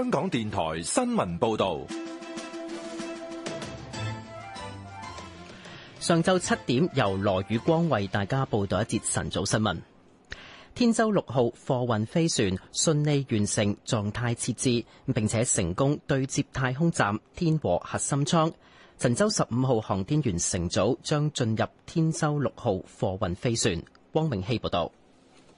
香港電台新聞報道：上晝七點，由羅宇光為大家報道一節晨早新聞。天舟六號貨運飛船順利完成狀態設置，並且成功對接太空站天和核心艙。神舟十五號航天員乘組將進入天舟六號貨運飛船。汪永熙報道。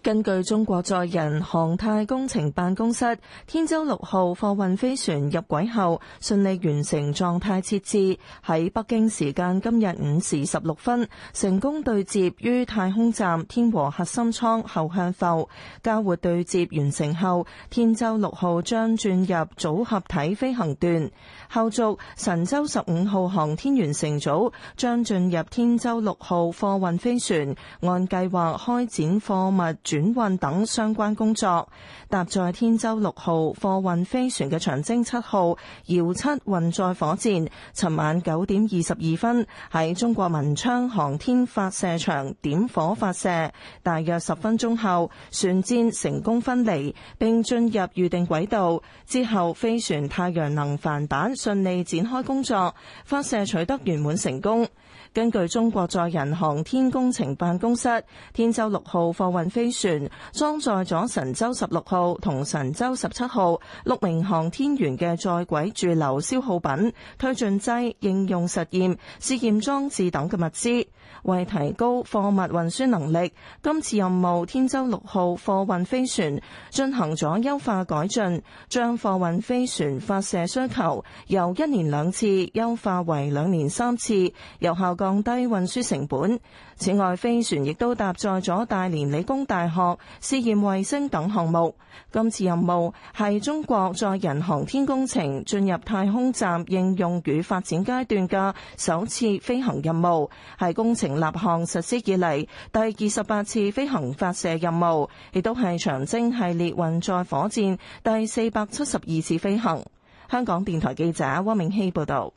根據中國載人航太工程辦公室，天舟六號貨運飛船入軌後順利完成狀態設置，喺北京時間今日五時十六分成功對接於太空站天和核心艙後向埠。交會對接完成後，天舟六號將轉入組合體飛行段。後續神舟十五號航天員乘組將進入天舟六號貨運飛船，按計劃開展貨物。轉運等相關工作，搭載天舟六號貨運飛船嘅長征七號遙七運載火箭，尋晚九點二十二分喺中國文昌航天發射場點火發射，大約十分鐘後，船箭成功分離並進入預定軌道，之後飛船太陽能帆板順利展開工作，發射取得圓滿成功。根據中國載人航天工程辦公室，天舟六號貨運飛船裝載咗神舟十六號同神舟十七號六名航天員嘅在軌駐留消耗品、推進劑、應用實驗試驗裝置等嘅物資。為提高貨物運輸能力，今次任務天舟六號貨運飛船進行咗優化改進，將貨運飛船發射需求由一年兩次優化為兩年三次，有效降低運輸成本。此外，飛船亦都搭載咗大連理工大學試驗衛星等項目。今次任務係中國載人航天工程進入太空站應用與發展階段嘅首次飛行任務，係工程。立項實施以嚟，第二十八次飛行發射任務，亦都係長征系列運載火箭第四百七十二次飛行。香港電台記者汪銘希報道。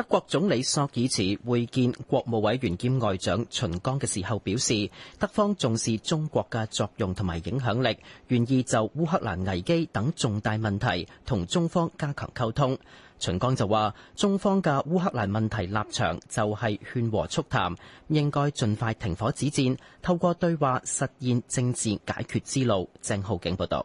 德國總理索爾茨會見國務委員兼外長秦剛嘅時候表示，德方重視中國嘅作用同埋影響力，願意就烏克蘭危機等重大問題同中方加強溝通。秦剛就話，中方嘅烏克蘭問題立場就係勸和促談，應該盡快停火止戰，透過對話實現政治解決之路。鄭浩景報道。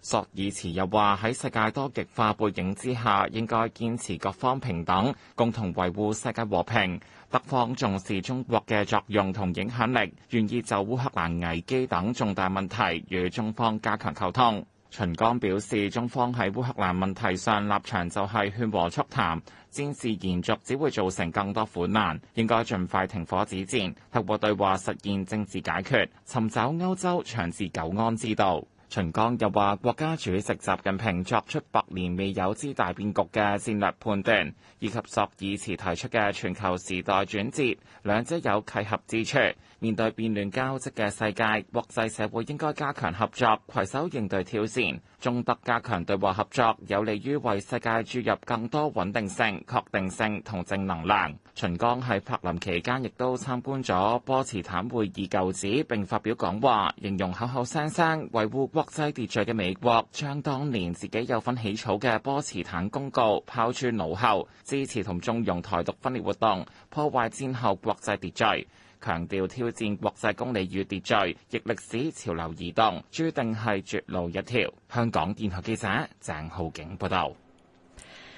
索爾茨又話：喺世界多極化背景之下，應該堅持各方平等，共同維護世界和平。德方重視中國嘅作用同影響力，願意就烏克蘭危機等重大問題與中方加強溝通。秦剛表示，中方喺烏克蘭問題上立場就係勸和促談，戰事延續只會造成更多苦難，應該盡快停火止戰，透過對話實現政治解決，尋找歐洲長治久安之道。秦剛又話：國家主席習近平作出百年未有之大變局嘅戰略判斷，以及朔爾茨提出嘅全球時代轉折，兩者有契合之處。面對變亂交織嘅世界，國際社會應該加強合作，攜手應對挑戰。中德加強對話合作，有利於為世界注入更多穩定性、確定性同正能量。秦剛喺柏林期間亦都參觀咗波茨坦會議舊址，並發表講話，形容口口聲聲維護國際秩序嘅美國，將當年自己有份起草嘅波茨坦公告拋諸腦後，支持同縱容台獨分裂活動，破壞戰後國際秩序，強調挑戰國際公理與秩序，逆歷史潮流而動，注定係絕路一條。香港電台記者鄭浩景報道。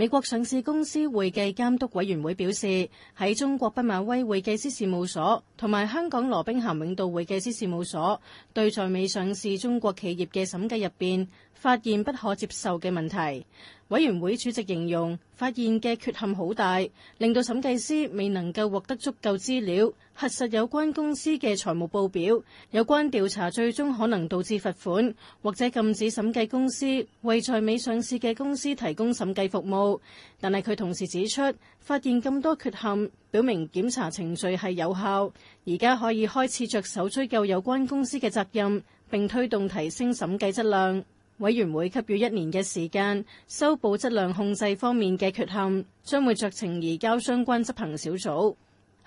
美國上市公司會計監督委員會表示，喺中國畢馬威會計師事務所同埋香港羅兵咸永道會計師事務所對在美上市中國企業嘅審計入邊，發現不可接受嘅問題。委員會主席形容發現嘅缺陷好大，令到審計師未能夠獲得足夠資料核實有關公司嘅財務報表。有關調查最終可能導致罰款或者禁止審計公司為在美上市嘅公司提供審計服務。但係佢同時指出，發現咁多缺陷，表明檢查程序係有效，而家可以開始着手追究有關公司嘅責任，並推動提升審計質量。委員會給予一年嘅時間，修補質量控制方面嘅缺陷，將會酌情移交相關執行小組。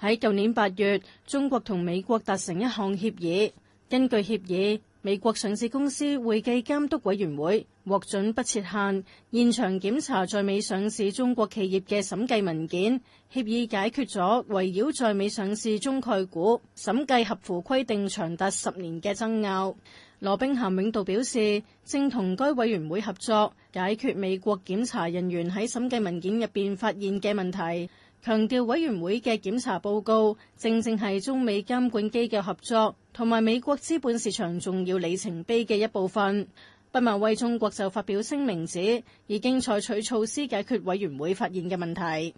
喺舊年八月，中國同美國達成一項協議，根據協議，美國上市公司會計監督委員會獲准不設限現場檢查在美上市中國企業嘅審計文件。協議解決咗圍繞在美上市中概股審計合乎規定長達十年嘅爭拗。羅兵咸永道表示，正同該委員會合作解決美國檢查人員喺審計文件入邊發現嘅問題，強調委員會嘅檢查報告正正係中美監管機構合作同埋美國資本市場重要里程碑嘅一部分。畢馬威中國就發表聲明指已經採取措施解決委員會發現嘅問題。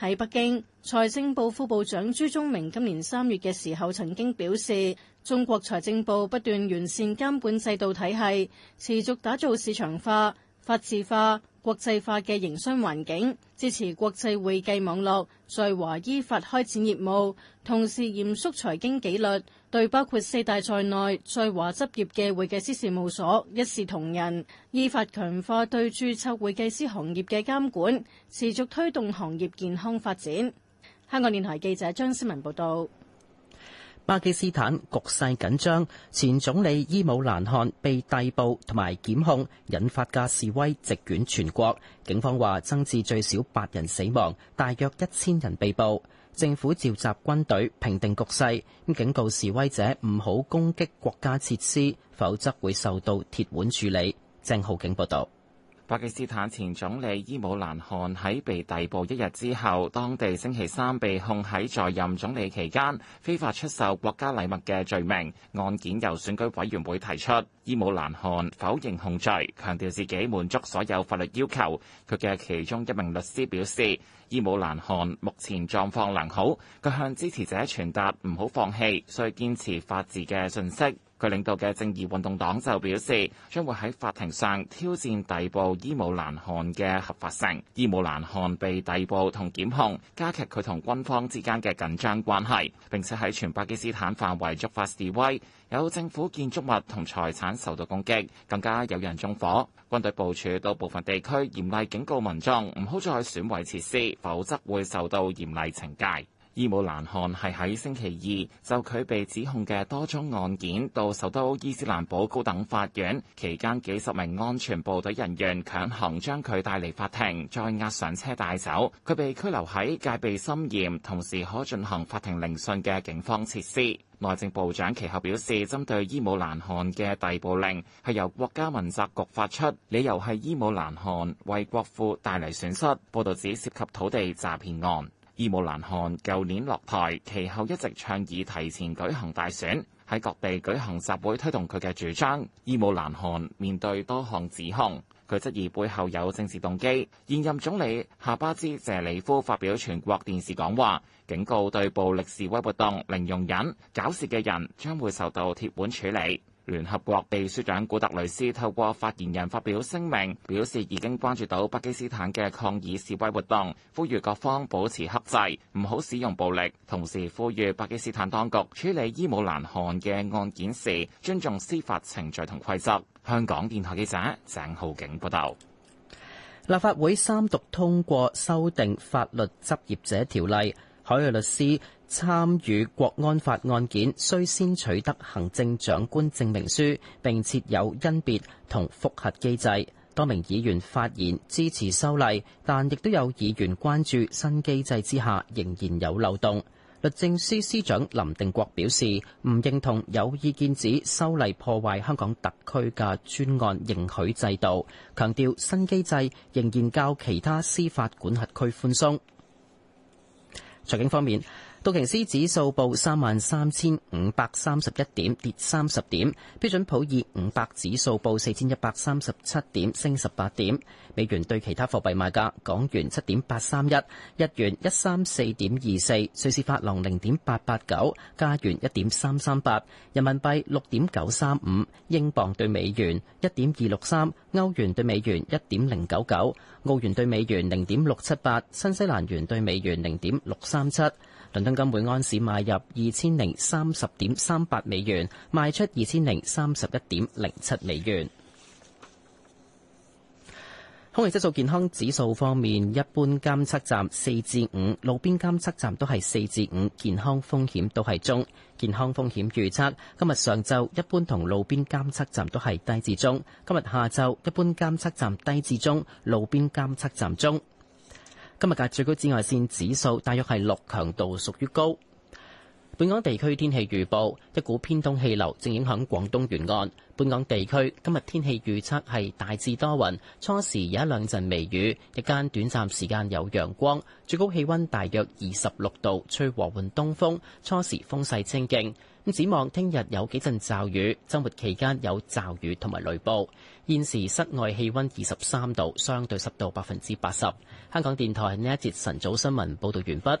喺北京，財政部副部長朱忠明今年三月嘅時候曾經表示，中國財政部不斷完善監管制度體系，持續打造市場化、法治化、國際化嘅營商環境，支持國際會計網絡在華依法開展業務，同時嚴肅財經紀律。對包括四大在內在華執業嘅會計師事務所一視同仁，依法強化對註冊會計師行業嘅監管，持續推動行業健康發展。香港電台記者張思文報道。巴基斯坦局勢緊張，前總理伊姆蘭汗被逮捕同埋檢控，引發嘅示威席捲全國。警方話增至最少八人死亡，大約一千人被捕。政府召集軍隊平定局勢，警告示威者唔好攻擊國家設施，否則會受到鐵腕處理。鄭浩景報道。巴基斯坦前總理伊姆蘭汗喺被逮捕一日之後，當地星期三被控喺在，在任總理期間非法出售國家禮物嘅罪名，案件由選舉委員會提出。伊姆蘭汗否認控罪，強調自己滿足所有法律要求。佢嘅其中一名律師表示，伊姆蘭汗目前狀況良好，佢向支持者傳達唔好放棄，需堅持法治嘅信息。佢領導嘅正義運動黨就表示，將會喺法庭上挑戰逮捕伊姆蘭汗嘅合法性。伊姆蘭汗被逮捕同檢控，加劇佢同軍方之間嘅緊張關係，並且喺全巴基斯坦範圍觸發示威，有政府建築物同財產受到攻擊，更加有人縱火。軍隊部署到部分地區，嚴厲警告民眾唔好再損毀設施，否則會受到嚴厲懲戒。伊姆蘭汗係喺星期二就佢被指控嘅多宗案件到首都伊斯蘭堡高等法院，期間幾十名安全部隊人員強行將佢帶嚟法庭，再押上車帶走。佢被拘留喺戒備森嚴、同時可進行法庭聆訊嘅警方設施。內政部長其後表示，針對伊姆蘭汗嘅逮捕令係由國家問責局發出，理由係伊姆蘭汗為國庫帶嚟損失。報道指涉及土地詐騙案。伊姆蘭汗舊年落台，其後一直倡議提前舉行大選，喺各地舉行集會推動佢嘅主張。伊姆蘭汗面對多項指控，佢質疑背後有政治動機。現任總理夏巴茲謝里夫發表全國電視講話，警告對暴力示威活動零容忍，搞事嘅人將會受到鐵腕處理。聯合國秘書長古特雷斯透過發言人發表聲明，表示已經關注到巴基斯坦嘅抗議示威活動，呼籲各方保持克制，唔好使用暴力。同時，呼籲巴基斯坦當局處理伊姆蘭汗嘅案件時，尊重司法程序同規則。香港電台記者鄭浩景報道。立法會三讀通過修訂法律執業者條例，海外律師，參與國安法案件需先取得行政長官證明書，並設有甄別同覆核機制。多名議員發言支持修例，但亦都有議員關注新機制之下仍然有漏洞。律政司司長林定國表示，唔認同有意見指修例破壞香港特區嘅專案認許制度，強調新機制仍然較其他司法管轄區寬鬆。財經方面。道瓊斯指數報三萬三千五百三十一點，跌三十點。標準普爾五百指數報四千一百三十七點，升十八點。美元對其他貨幣賣價：港元七點八三一，日元一三四點二四，瑞士法郎零點八八九，加元一點三三八，人民幣六點九三五，英鎊對美元一點二六三，歐元對美元一點零九九。澳元兌美元零點六七八，新西蘭元兌美元零點六三七，倫敦金每安士買入二千零三十點三八美元，賣出二千零三十一點零七美元。空氣質素健康指數方面，一般監測站四至五，路邊監測站都係四至五，健康風險都係中。健康風險預測今日上晝一般同路邊監測站都係低至中，今日下晝一般監測站低至中，路邊監測站中。今日嘅最高紫外線指數大約係六，強度屬於高。本港地區天氣預報，一股偏東氣流正影響廣東沿岸。本港地區今日天氣預測係大致多雲，初時有一兩陣微雨，日間短暫時間有陽光，最高氣溫大約二十六度，吹和緩東風，初時風勢清勁，咁展望聽日有幾陣驟雨，周末期間有驟雨同埋雷暴。現時室外氣溫二十三度，相對濕度百分之八十。香港電台呢一節晨早新聞報道完畢。